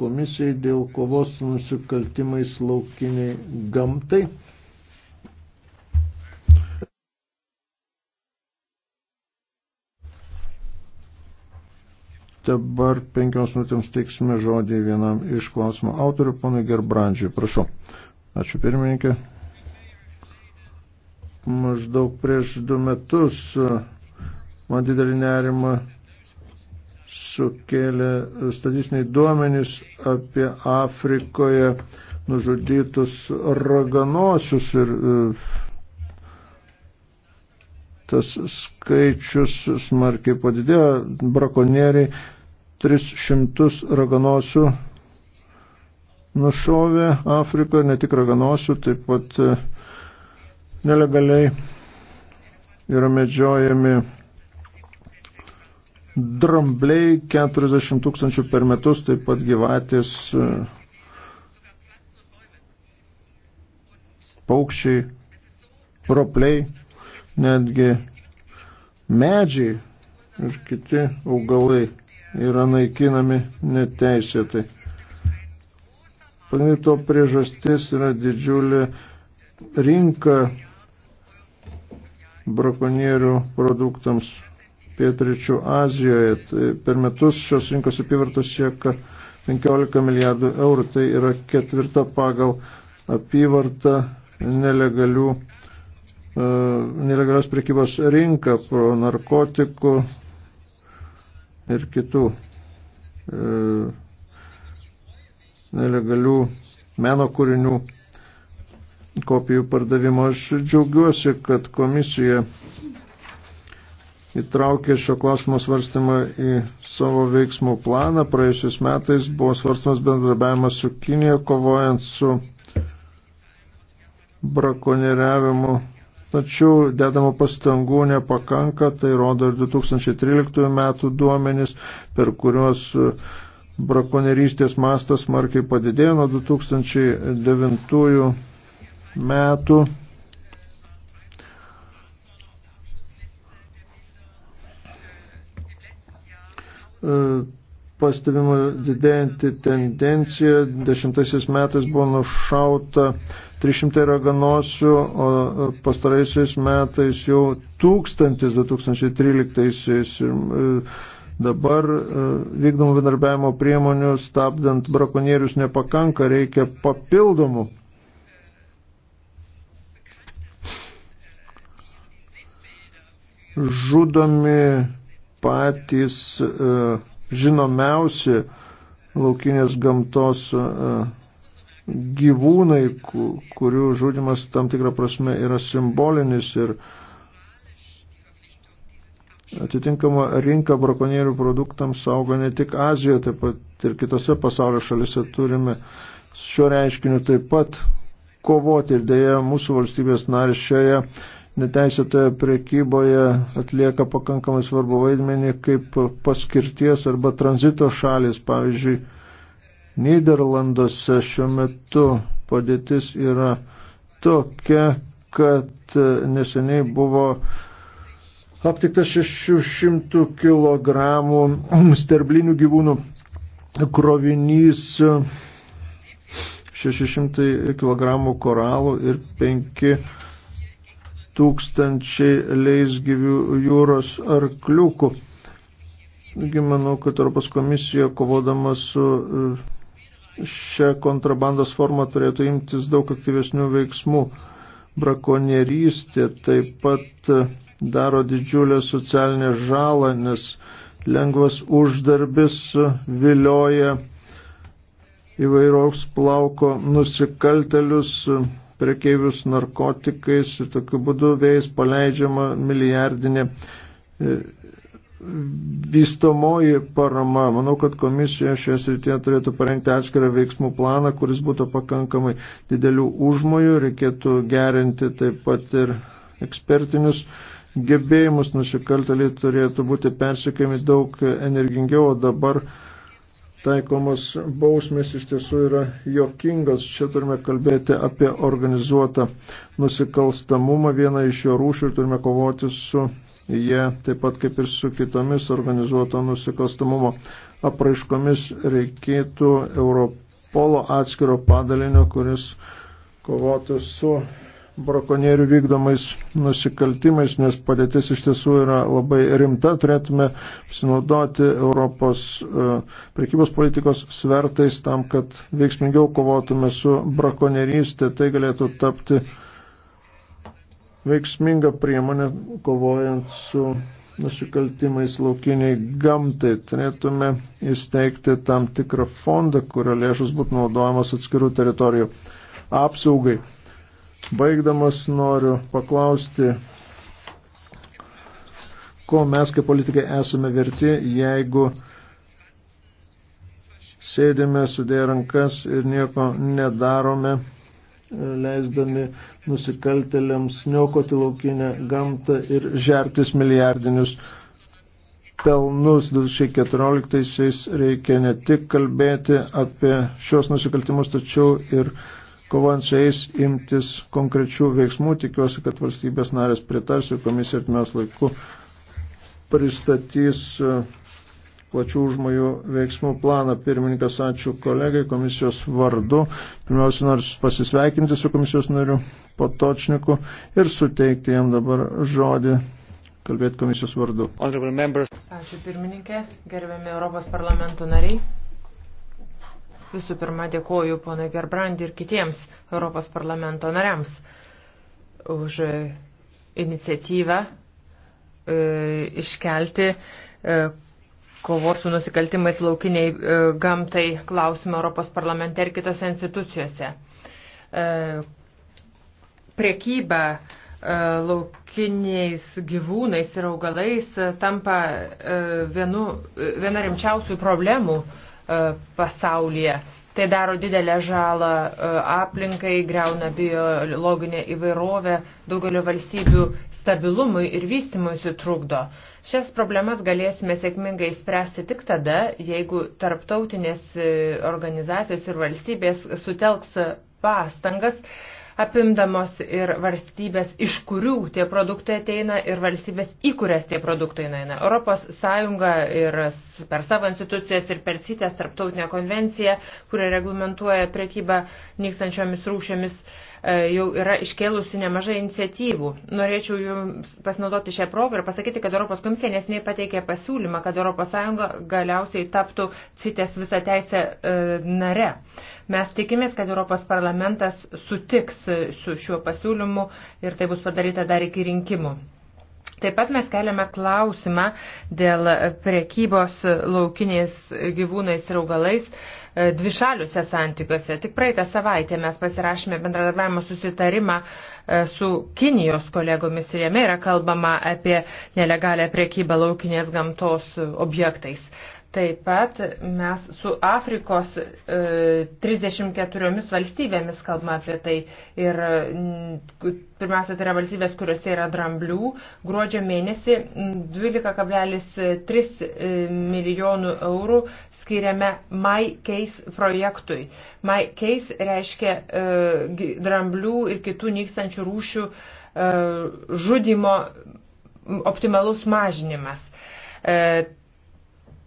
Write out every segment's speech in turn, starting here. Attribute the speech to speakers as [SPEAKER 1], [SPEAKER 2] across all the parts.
[SPEAKER 1] komisijai dėl kovos su nusikaltimais laukiniai gamtai. Dabar penkioms minutėms teiksime žodį vienam iš klausimo autorių, ponui Gerbrandžiui. Prašau. Ačiū pirmininkė. Maždaug prieš du metus man didelį nerimą sukėlė statistiniai duomenys apie Afrikoje nužudytus raganosius ir e, tas skaičius smarkiai padidėjo, brakonieriai 300 raganosių nušovė Afrikoje, ne tik raganosių, taip pat e, nelegaliai yra medžiojami drambliai 40 tūkstančių per metus, taip pat gyvatės, paukščiai, ropliai, netgi medžiai ir kiti augalai yra naikinami neteisėtai. Pagrindinė to priežastis yra didžiulė rinka brakonierių produktams Pietričių Azijoje. Tai per metus šios rinkos apyvartos sieka 15 milijardų eurų. Tai yra ketvirta pagal apyvartą nelegalių, e, nelegalios prekybos rinką pro narkotikų ir kitų e, nelegalių meno kūrinių kopijų pardavimo. Aš džiaugiuosi, kad komisija įtraukė šio klausimo svarstymą į savo veiksmų planą. Praėjusiais metais buvo svarstamas bendradarbiavimas su Kinija, kovojant su brakonieriavimu. Tačiau dedamo pastangų nepakanka, tai rodo ir 2013 metų duomenys, per kuriuos e, brakonierystės mastas markiai padidėjo nuo 2009 metų. E, pastebima didėjanti tendencija. Dešimtaisiais metais buvo nušauta 300 raganosių, o pastaraisiais metais jau 1000 2013-aisiais. E, dabar e, vykdomų vienarbiavimo priemonių stabdant brakonierius nepakanka, reikia papildomų. Žudomi patys e, žinomiausi laukinės gamtos e, gyvūnai, kurių žudimas tam tikrą prasme yra simbolinis ir atitinkama rinka brakonierių produktams auga ne tik Azijoje, taip pat ir kitose pasaulio šalise turime šiuo reiškiniu taip pat kovoti ir dėja mūsų valstybės narės šioje neteisėtoje prekyboje atlieka pakankamai svarbu vaidmenį kaip paskirties arba tranzito šalis. Pavyzdžiui, Niderlanduose šiuo metu padėtis yra tokia, kad neseniai buvo aptiktas 600 kg sterblinių gyvūnų krovinys 600 kg koralų ir 5 tūkstančiai leisgyvių jūros arkliukų. Taigi manau, kad Europos komisija kovodama su e, šią kontrabandos formą turėtų imtis daug aktyvesnių veiksmų. Brakonierystė taip pat e, daro didžiulę socialinę žalą, nes lengvas uždarbis e, vilioja įvairaus plauko nusikaltelius prekeivius narkotikais ir tokiu būdu vėjais paleidžiama milijardinė e, vystomoji parama. Manau, kad komisija šioje srityje turėtų parengti atskirą veiksmų planą, kuris būtų pakankamai didelių užmojų. Reikėtų gerinti taip pat ir ekspertinius gebėjimus. Nusikalteliai turėtų būti persikėmi daug energingiau, o dabar taikomos bausmės iš tiesų yra jokingos. Čia turime kalbėti apie organizuotą nusikalstamumą, vieną iš jo rūšių ir turime kovoti su jie, taip pat kaip ir su kitomis organizuoto nusikalstamumo apraiškomis reikėtų Europolo atskiro padalinio, kuris kovotų su brakonierių vykdomais nusikaltimais, nes padėtis iš tiesų yra labai rimta. Turėtume pasinaudoti Europos e, prekybos politikos svertais tam, kad veiksmingiau kovotume su brakonierystė. Tai galėtų tapti veiksminga priemonė kovojant su nusikaltimais laukiniai gamtai. Turėtume įsteigti tam tikrą fondą, kurio lėšus būtų naudojamas atskirų teritorijų apsaugai. Baigdamas noriu paklausti, ko mes kaip politikai esame verti, jeigu sėdėme sudėję rankas ir nieko nedarome, leisdami nusikaltelėms niokoti laukinę gamtą ir žertis milijardinius pelnus 2014-aisiais reikia ne tik kalbėti apie šios nusikaltimus, tačiau ir kovant su jais imtis konkrečių veiksmų. Tikiuosi, kad valstybės narės pritars ir komisija artimiaus laiku pristatys e, plačių žmonių veiksmų planą. Pirmininkas, ačiū kolegai komisijos vardu. Pirmiausia, noriu pasisveikinti su komisijos nariu Potočniku ir suteikti jam dabar žodį kalbėti komisijos vardu. Ačiū
[SPEAKER 2] pirmininkė, gerbiami Europos parlamento nariai. Visų pirma, dėkoju ponui Gerbrandi ir kitiems Europos parlamento nariams už e, iniciatyvą e, iškelti e, kovos su nusikaltimais laukiniai gamtai klausimą Europos parlamente ir kitose institucijose. Priekyba laukiniais gyvūnais ir augalais tampa vienu, viena rimčiausių problemų E, pasaulyje. Tai daro didelę žalą e, aplinkai, greuna biologinę įvairovę, daugelio valstybių stabilumui ir vystimuisi trukdo. Šias problemas galėsime sėkmingai išspręsti tik tada, jeigu tarptautinės e, organizacijos ir valstybės sutelks pastangas apimdamos ir valstybės, iš kurių tie produktai ateina ir valstybės, į kurias tie produktai eina. Europos Sąjunga ir per savo institucijas ir per CITES tarptautinę konvenciją, kurią reglamentuoja prekybą nykstančiomis rūšėmis, E, jau yra iškėlusi nemažai iniciatyvų. Norėčiau jums pasinaudoti šią progą ir pasakyti, kad Europos komisija nesiniai pateikė pasiūlymą, kad ES galiausiai taptų CITES visą teisę e, nare. Mes tikimės, kad Europos parlamentas sutiks su šiuo pasiūlymu ir tai bus padaryta dar iki rinkimų. Taip pat mes keliame klausimą dėl prekybos laukiniais gyvūnais ir augalais. E, E, dvišaliuose santykiuose. Tik praeitą savaitę mes pasirašėme bendradarbiavimo susitarimą e, su Kinijos kolegomis ir jame yra kalbama apie nelegalę priekybą laukinės gamtos objektais. Taip pat mes su Afrikos e, 34 valstybėmis kalbame apie tai. Ir pirmiausia, tai yra valstybės, kuriuose yra dramblių. Gruodžio mėnesį 12,3 e, milijonų eurų skiriame MyCase projektui. MyCase reiškia e, dramblių ir kitų nykstančių rūšių e, žudimo optimalus mažinimas. E,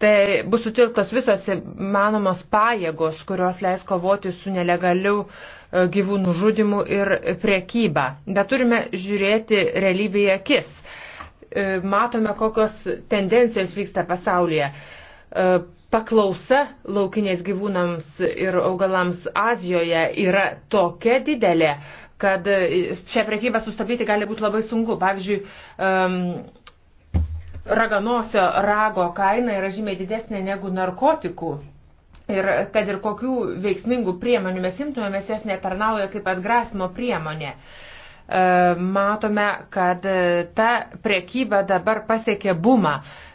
[SPEAKER 2] Tai bus sutilktos visos manomos pajėgos, kurios leis kovoti su nelegaliu e, gyvūnų žudimu ir priekyba. Bet turime žiūrėti realybėje akis. E, matome, kokios tendencijos vyksta pasaulyje e, paklausa laukinės gyvūnams ir augalams Azijoje yra tokia didelė, kad šią prekybą sustabdyti gali būti labai sunku. Pavyzdžiui, um, raganosio rago kaina yra žymiai didesnė negu narkotikų. Ir kad ir kokių veiksmingų priemonių mes imtumėmės, jos netarnauja kaip atgrasimo priemonė. Uh, E, matome, kad e, ta priekyba dabar pasiekė bumą.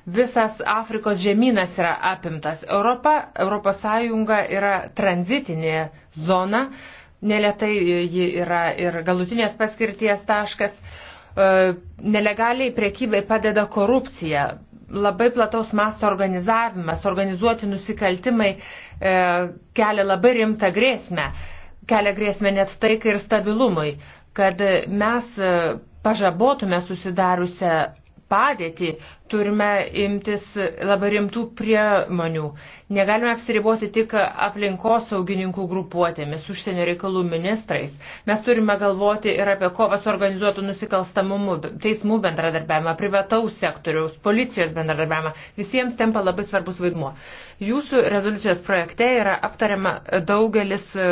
[SPEAKER 2] Visas Afrikos žemynas yra apimtas. Europa, Europos Sąjunga yra tranzitinė zona, neletai e, ji yra ir galutinės paskirties taškas. Nelegaliai priekybai padeda korupcija, labai plataus masto organizavimas, organizuoti nusikaltimai kelia labai rimtą grėsmę. Kelia grėsmę net taikai ir stabilumui kad mes e, pažabotume susidariusią padėtį, turime imtis labai rimtų priemonių. Negalime apsiriboti tik aplinkosaugininkų grupuotėmis, užsienio reikalų ministrais. Mes turime galvoti ir apie kovą su organizuotu nusikalstamumu, teismų bendradarbiavimą, privataus sektoriaus, policijos bendradarbiavimą. Visiems tempa labai svarbus vaidmuo. Jūsų rezoliucijos projekte yra aptariama daugelis e,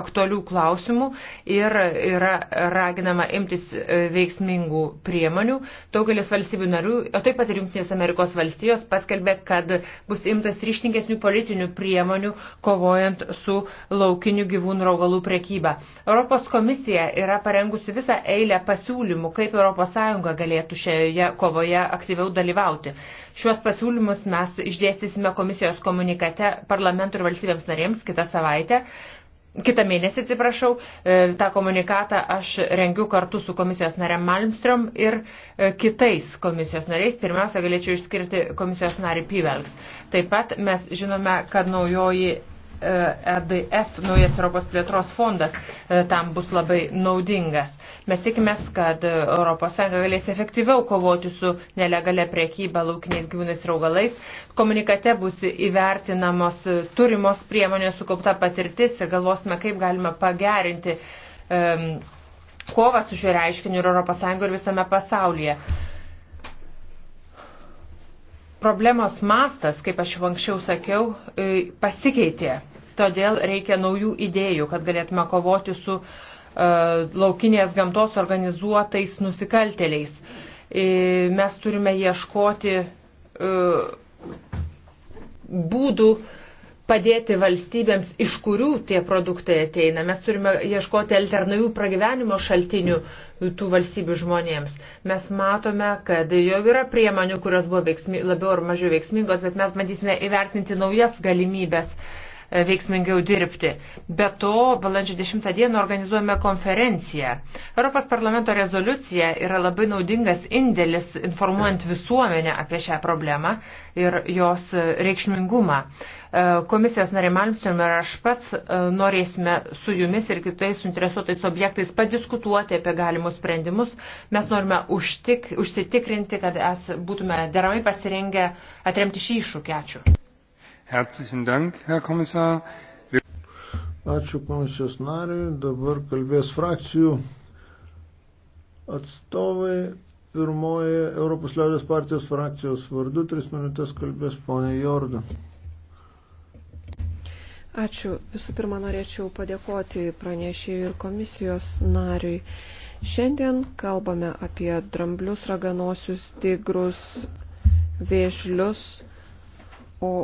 [SPEAKER 2] aktualių klausimų ir yra raginama imtis e, veiksmingų priemonių. Daugelis valstybių narių, o taip pat ir Junktinės Amerikos valstijos paskelbė, kad bus imtas ryštingesnių politinių priemonių kovojant su laukiniu gyvūnų raugalų prekyba. Europos komisija yra parengusi visą eilę pasiūlymų, kaip ES galėtų šioje kovoje aktyviau dalyvauti. Šiuos pasiūlymus mes išdėstysime komisijos komunikate parlamentų ir valstybėms narėms kitą savaitę kitą mėnesį, atsiprašau, e, tą komunikatą aš rengiu kartu su komisijos narėm Malmström ir e, kitais komisijos nariais. Pirmiausia, galėčiau išskirti komisijos narį Pivels. Taip pat mes žinome, kad naujoji EDF, e naujas Europos plėtros fondas, e, tam bus labai naudingas. Mes tikimės, kad ES galės efektyviau kovoti su nelegalia priekyba laukiniais gyvūnais ir augalais. Komunikate bus įvertinamos turimos priemonės sukaupta patirtis ir galvosime, kaip galima pagerinti um, kovą su šiuo reiškiniu ir ES ir visame pasaulyje problemos mastas, kaip aš jau anksčiau sakiau, e, pasikeitė. Todėl reikia naujų idėjų, kad galėtume kovoti su uh, laukinės gamtos organizuotais nusikalteliais. E, mes turime ieškoti uh, būdų padėti valstybėms, iš kurių tie produktai ateina. Mes turime ieškoti alternatyvių pragyvenimo šaltinių tų valstybių žmonėms. Mes matome, kad jau yra priemonių, kurios buvo veiksmi, labiau ar mažiau veiksmingos, bet mes bandysime įvertinti naujas galimybės uh, veiksmingiau dirbti. Be to, balandžio 10 dieną organizuojame konferenciją. Europos parlamento rezoliucija yra labai naudingas indėlis informuojant visuomenę apie šią problemą ir jos reikšmingumą. E, komisijos nariai Malmström ir aš pats e, norėsime su jumis ir kitais suinteresuotais objektais padiskutuoti apie galimus sprendimus. Mes norime užtik, užsitikrinti, kad es, būtume deramai pasirengę atremti šį iššūkį. Ačiū.
[SPEAKER 1] Herzlichen Dank, Herr Kommissar. Ačiū komisijos nariui. Dabar kalbės frakcijų atstovai. Pirmoji Europos liaudės partijos frakcijos vardu. Tris minutės kalbės ponė Jordan.
[SPEAKER 3] Ačiū. Visų pirma, norėčiau padėkoti pranešėjų ir komisijos nariui. Šiandien kalbame apie dramblius, raganosius, tigrus, vėžlius, o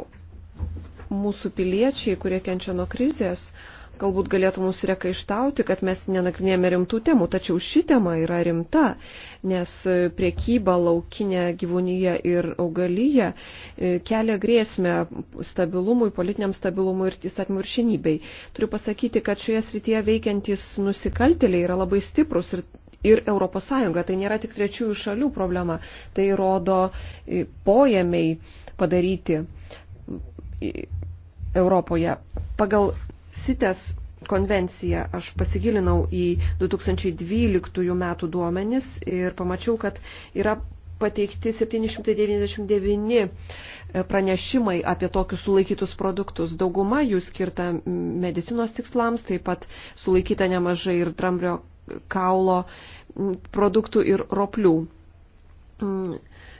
[SPEAKER 3] mūsų piliečiai, kurie kenčia nuo krizės, galbūt galėtų mūsų rekaištauti, kad mes nenagrinėjame rimtų temų, tačiau ši tema yra rimta, nes priekyba laukinė gyvūnyje ir augalyje e, kelia grėsmę stabilumui, politiniam stabilumui ir įstatymų viršinybei. Turiu pasakyti, kad šioje srityje veikiantys nusikaltėliai yra labai stiprus ir ir ES. Tai nėra tik trečiųjų šalių problema. Tai rodo e, pojamiai padaryti. Europoje. Pagal CITES konvenciją aš pasigilinau į 2012 metų duomenis ir pamačiau, kad yra pateikti 799 e, pranešimai apie tokius sulaikytus produktus. Dauguma jų skirta medicinos tikslams, taip pat sulaikyta nemažai ir dramblio kaulo produktų ir roplių.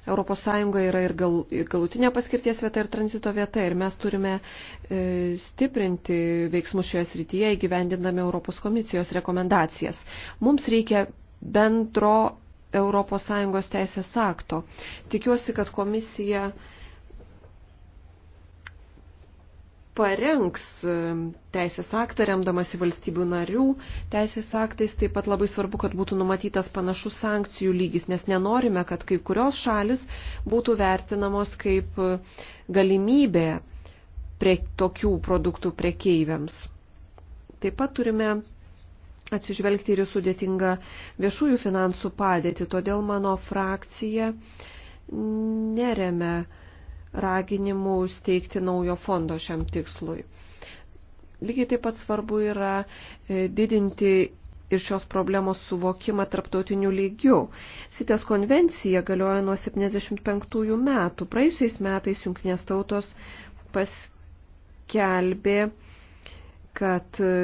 [SPEAKER 3] ES yra ir, gal, ir galutinė paskirties vieta, ir tranzito vieta, ir mes turime e, stiprinti veiksmus šioje srityje įgyvendindami Europos komisijos rekomendacijas. Mums reikia bendro ES teisės akto. Tikiuosi, kad komisija e, parengs e, teisės aktą, remdamasi valstybių narių teisės aktais, taip pat labai svarbu, kad būtų numatytas panašus sankcijų lygis, nes nenorime, kad kai kurios šalis būtų vertinamos kaip e, galimybė prie tokių produktų prekeiviams. Taip pat turime atsižvelgti ir sudėtingą viešųjų finansų padėtį, todėl mano frakcija neremia raginimų steigti naujo fondo šiam tikslui. Lygiai taip pat svarbu yra e, didinti ir šios problemos suvokimą tarptautiniu lygiu. Sitės konvencija galioja nuo 75 metų. Praėjusiais metais jungtinės tautos paskelbė, kad e,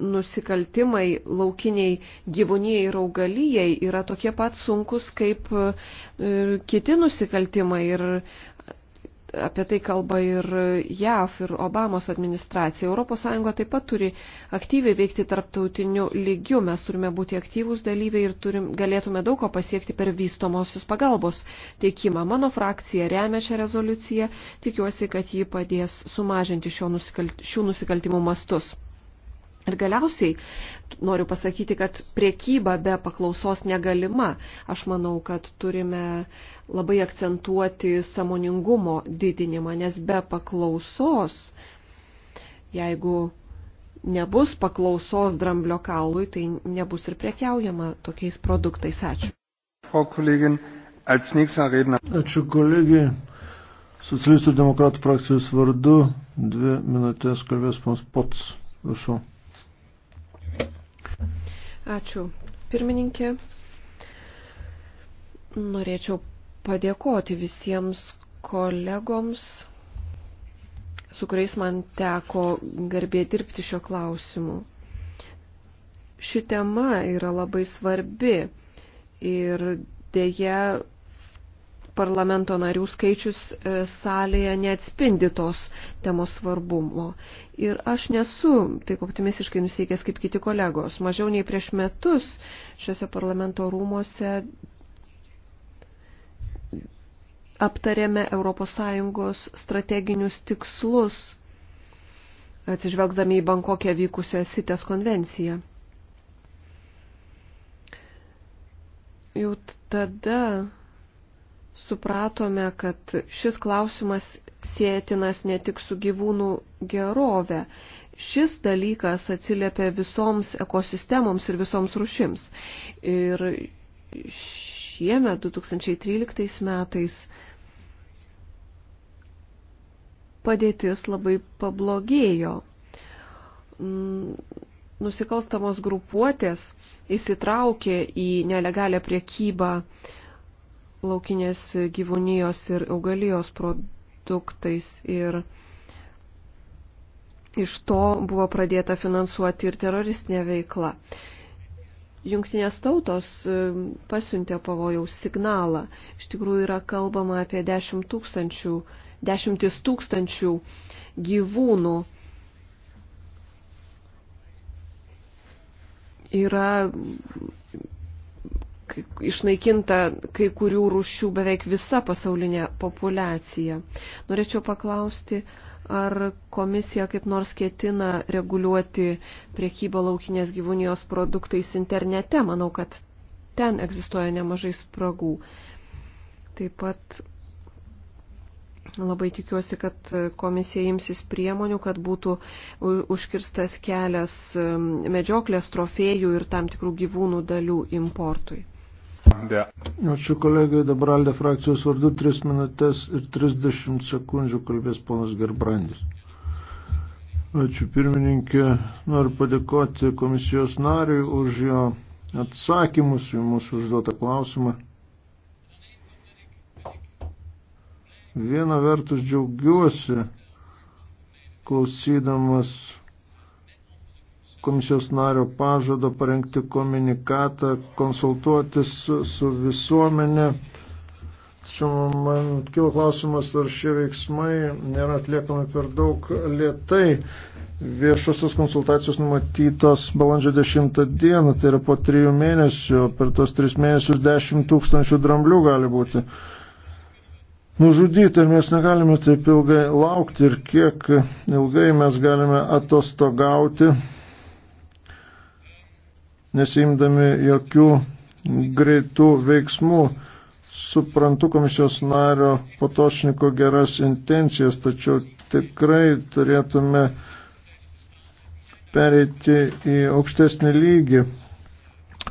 [SPEAKER 3] nusikaltimai laukiniai gyvūnijai ir augalijai yra tokie pat sunkus kaip e, kiti nusikaltimai. Ir apie tai kalba ir JAF, ir Obamos administracija. ES taip pat turi aktyviai veikti tarptautiniu lygiu. Mes turime būti aktyvūs dalyviai ir turim, galėtume daug ko pasiekti per vystomosios pagalbos teikimą. Mano frakcija remia šią rezoliuciją. Tikiuosi, kad ji padės sumažinti nusikalt, šių nusikaltimų mastus. Ir galiausiai noriu pasakyti, kad priekyba be paklausos negalima. Aš manau, kad turime labai akcentuoti samoningumo didinimą, nes be paklausos, jeigu nebus paklausos dramblio kaului, tai nebus ir prekiaujama tokiais produktais. Ačiū.
[SPEAKER 1] Ačiū kolegė. Socialistų demokratų frakcijos vardu dvi minutės kalbės pons Pots. Prašau.
[SPEAKER 3] Ačiū, pirmininkė. Norėčiau padėkoti visiems kolegoms, su kuriais man teko garbė dirbti šio klausimu. Ši tema yra labai svarbi ir dėja parlamento narių skaičius e, salėje neatspindi tos temos svarbumo. Ir aš nesu taip optimistiškai nusteikęs kaip kiti kolegos. Mažiau nei prieš metus šiuose parlamento rūmose aptarėme ES strateginius tikslus, atsižvelgdami į Bankokė vykusią CITES konvenciją. Jau tada supratome, kad šis klausimas sėtinas ne tik su gyvūnų gerove. Šis dalykas atsiliepia visoms ekosistemoms ir visoms rušims. Ir šiemet, 2013 metais, padėtis labai pablogėjo. Nusikalstamos grupuotės įsitraukė į nelegalę priekybą uh, laukinės gyvūnijos ir augalijos produktais ir iš to buvo pradėta finansuoti ir teroristinė veikla. Jungtinės tautos e, pasiuntė pavojaus signalą. Iš tikrųjų yra kalbama apie 10 tūkstančių, dešimtis tūkstančių gyvūnų. Yra išnaikinta kai kurių rūšių beveik visa pasaulinė populiacija. Norėčiau paklausti, ar komisija kaip nors ketina reguliuoti priekybą laukinės gyvūnijos produktais internete. Manau, kad ten egzistuoja nemažai spragų. Taip pat labai tikiuosi, kad komisija imsis priemonių, kad būtų užkirstas kelias medžioklės trofėjų ir tam tikrų gyvūnų dalių importui.
[SPEAKER 1] Ačiū kolegai, dabar Alde frakcijos vardu 3 minutės ir 30 sekundžių kalbės ponas Gerbrandis. Ačiū pirmininkė, noriu padėkoti komisijos nariui už jo atsakymus į mūsų užduotą klausimą. Viena vertus džiaugiuosi, klausydamas komisijos nario pažado parengti komunikatą, konsultuotis su, su visuomenė. Tačiau man kilo klausimas, ar šie veiksmai nėra atliekami per daug lietai. Viešosios konsultacijos numatytos balandžio 10 dieną, tai yra po trijų mėnesių, per tos tris mėnesius 10 tūkstančių dramblių gali būti nužudyti ir mes negalime taip ilgai laukti ir kiek ilgai mes galime atostogauti nesimdami jokių greitų veiksmų. Suprantu komisijos nario Potošniko geras intencijas, tačiau tikrai turėtume pereiti į aukštesnį lygį.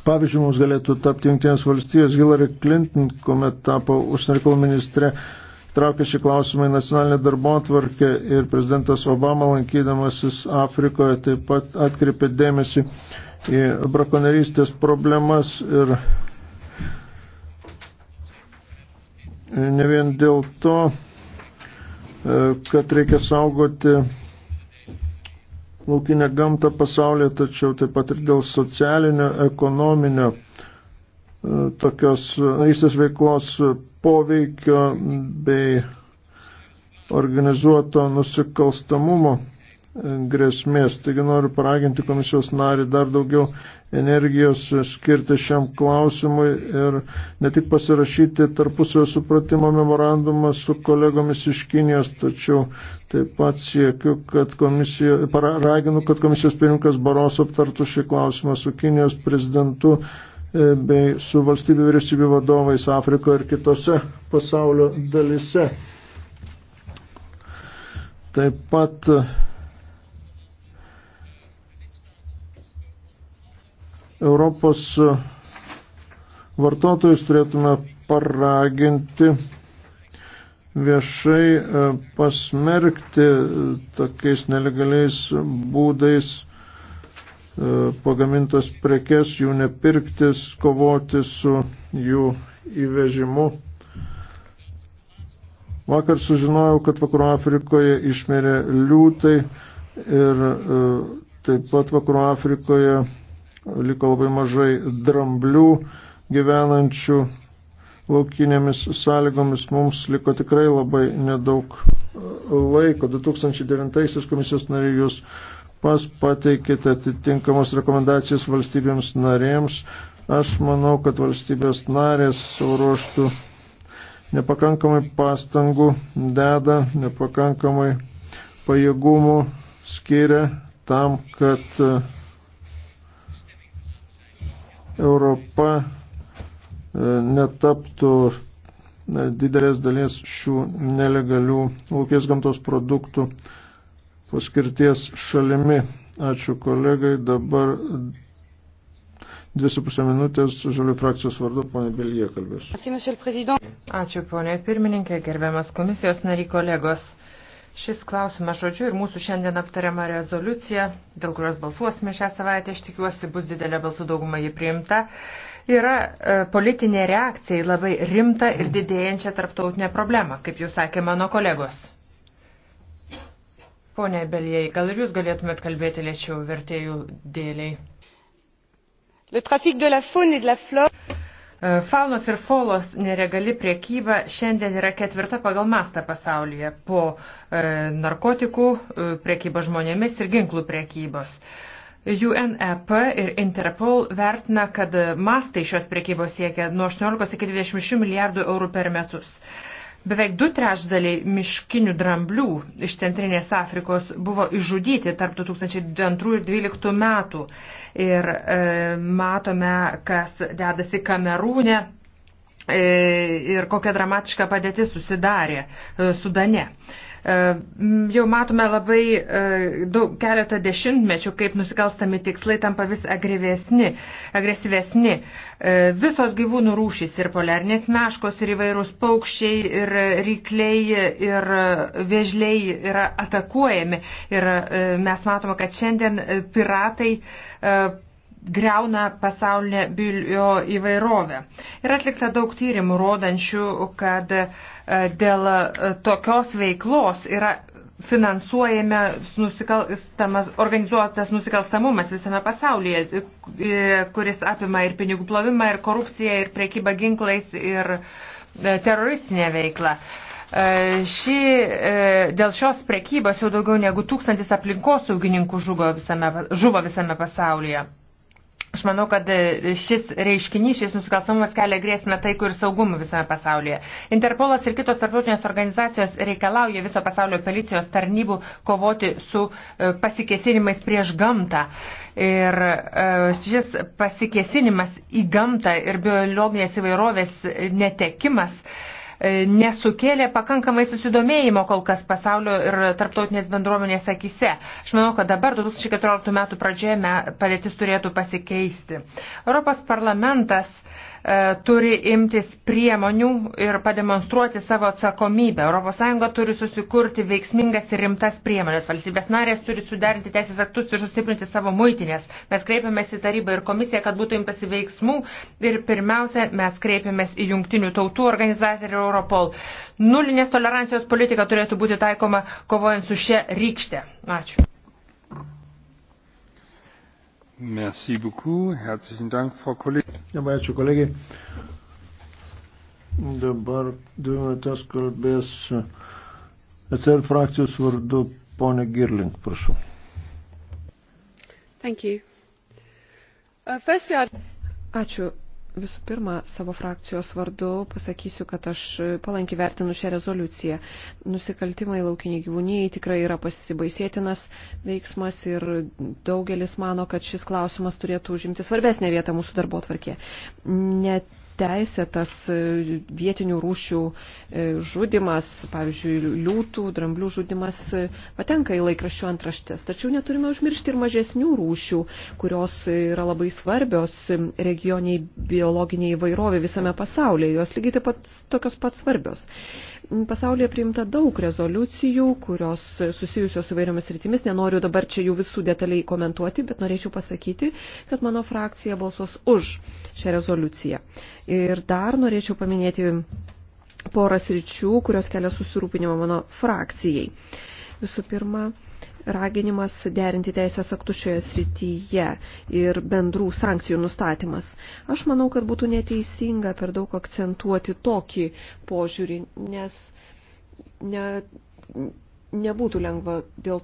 [SPEAKER 1] Pavyzdžiui, mums galėtų tapti Junktinės valstijos Hillary Clinton, kuomet tapo užsienio reikalų ministrė, traukė šį klausimą į nacionalinę darbo atvarkę ir prezidentas Obama lankydamasis Afrikoje taip pat atkreipė dėmesį į brakonerystės problemas ir ne vien dėl to, e, kad reikia saugoti laukinę gamtą pasaulyje, tačiau taip pat ir dėl socialinio, ekonominio e, tokios įsės veiklos poveikio bei organizuoto nusikalstamumo grėsmės. Taigi noriu paraginti komisijos narį dar daugiau energijos skirti šiam klausimui ir ne tik pasirašyti tarpusavio supratimo memorandumą su kolegomis iš Kinijos, tačiau taip pat siekiu, kad komisija, paraginu, kad komisijos pirmininkas Baros aptartų šį klausimą su Kinijos prezidentu e, bei su valstybių vyriausybių vadovais Afrikoje ir kitose pasaulio dalise. Taip pat Europos e, vartotojus turėtume paraginti viešai e, pasmerkti e, tokiais nelegaliais būdais pagamintas prekes, jų nepirktis, kovoti su jų įvežimu. Vakar sužinojau, kad Vakarų Afrikoje išmerė liūtai ir taip pat Vakarų Afrikoje liko labai mažai dramblių gyvenančių laukinėmis sąlygomis. Mums liko tikrai labai nedaug laiko. 2009 komisijos nariai jūs pas pateikite atitinkamos rekomendacijas valstybėms narėms. Aš manau, kad valstybės narės savo ruoštų nepakankamai pastangų deda, nepakankamai pajėgumų skiria tam, kad Europa e, netaptų e, didelės dalies šių nelegalių laukės gamtos produktų paskirties šalimi. Ačiū kolegai. Dabar 2,5 minutės žalių frakcijos vardu ponė Belie kalbės. Ačiū
[SPEAKER 2] ponė pirmininkė, gerbiamas komisijos nariai kolegos. Šis klausimas žodžiu ir mūsų šiandien aptariama rezoliucija, dėl kurios balsuosime šią savaitę, aš tikiuosi, bus didelė balsų dauguma jį priimta, yra e, politinė reakcija į labai rimtą ir didėjančią tarptautinę problemą, kaip jau sakė mano kolegos. Pone Belijai, gal ir jūs galėtumėt kalbėti lėčiau vertėjų dėliai? Le trafic de la faune et de la flore. E, faunos ir folos neregali priekyba šiandien yra ketvirta pagal mastą pasaulyje po e, narkotikų, e, priekybos žmonėmis ir ginklų priekybos. UNEP ir Interpol vertina, kad mastai šios priekybos siekia nuo 18 iki 26 milijardų eurų per metus. Beveik du trešdaliai miškinių dramblių iš Centrinės Afrikos buvo išžudyti tarp 2002 ir 2012 metų. Ir e, matome, kas dedasi Kamerūne. E, ir kokia dramatiška padėtis susidarė e, Sudane. E, jau matome labai daug, keletą dešimtmečių, kaip nusikalstami tikslai tampa vis agresyvesni. Visos gyvūnų rūšys ir poliarnės meškos ir įvairūs paukščiai ir rykliai ir vėžliai yra atakuojami. Ir mes matome, kad šiandien piratai greuna pasaulinę bilio įvairovę. Ir atlikta daug tyrimų rodančių, kad e, dėl e, tokios veiklos yra finansuojame nusikalstamas, organizuotas nusikalstamumas visame pasaulyje, e, kuris apima ir pinigų plovimą, ir korupciją, ir prekybą ginklais, ir teroristinę veiklą. Ši, dėl šios prekybos jau daugiau negu tūkstantis aplinkosaugininkų žuvo visame, žuvo visame pasaulyje. Aš manau, kad e, šis reiškinys, šis nusikalstamumas kelia grėsmę taikų ir saugumų visame pasaulyje. Interpolas ir kitos tarptautinės organizacijos reikalauja viso pasaulio policijos tarnybų kovoti su e, pasikesinimais prieš gamtą. Ir e, šis pasikesinimas į gamtą ir biologinės įvairovės netekimas E, nesukėlė pakankamai susidomėjimo kol kas pasaulio ir tarptautinės bendruomenės akise. Aš manau, kad dabar 2014 metų pradžioje padėtis turėtų pasikeisti. Europos parlamentas E, turi imtis priemonių ir pademonstruoti savo atsakomybę. ES turi susikurti veiksmingas ir rimtas priemonės. Valstybės narės turi suderinti teisės aktus ir sustiprinti savo muitinės. Mes kreipiamės į tarybą ir komisiją, kad būtų imtasi veiksmų ir pirmiausia, mes kreipiamės į jungtinių tautų organizaciją ir Europol. Nulinės tolerancijos politika turėtų būti taikoma kovojant su šia rykšte. Ačiū.
[SPEAKER 1] Merci beaucoup. Herzlichen Dank, Frau Kollegin. Labai ačiū, kolegė. Dabar dvi minutės kalbės ECR frakcijos vardu ponė Girling, prašau.
[SPEAKER 3] Thank you. Uh, firstly, I'd... Ačiū. Visų pirma, savo frakcijos vardu pasakysiu, kad aš palankiai vertinu šią rezoliuciją. Nusikaltimai laukiniai gyvūniai tikrai yra pasibaisėtinas veiksmas ir daugelis mano, kad šis klausimas turėtų užimti svarbesnę vietą mūsų darbo tvarkė. Net teisėtas e, vietinių rūšių e, žudimas, pavyzdžiui, liūtų, dramblių žudimas e, patenka į laikraščių antraštės. Tačiau neturime užmiršti ir mažesnių rūšių, kurios yra labai svarbios regioniai biologiniai įvairovė visame pasaulyje. Jos lygiai taip pat tokios pat svarbios. Pasaulyje priimta daug rezoliucijų, kurios susijusios su vairiomis rytimis. Nenoriu dabar čia jų visų detaliai komentuoti, bet norėčiau pasakyti, kad mano frakcija balsuos už šią rezoliuciją. Ir dar norėčiau paminėti porą sričių, kurios kelia susirūpinimą mano frakcijai. Visų pirma, raginimas derinti teisės aktų šioje srityje ir bendrų sankcijų nustatymas. Aš manau, kad būtų neteisinga per daug akcentuoti tokį požiūrį, nes ne, nebūtų lengva dėl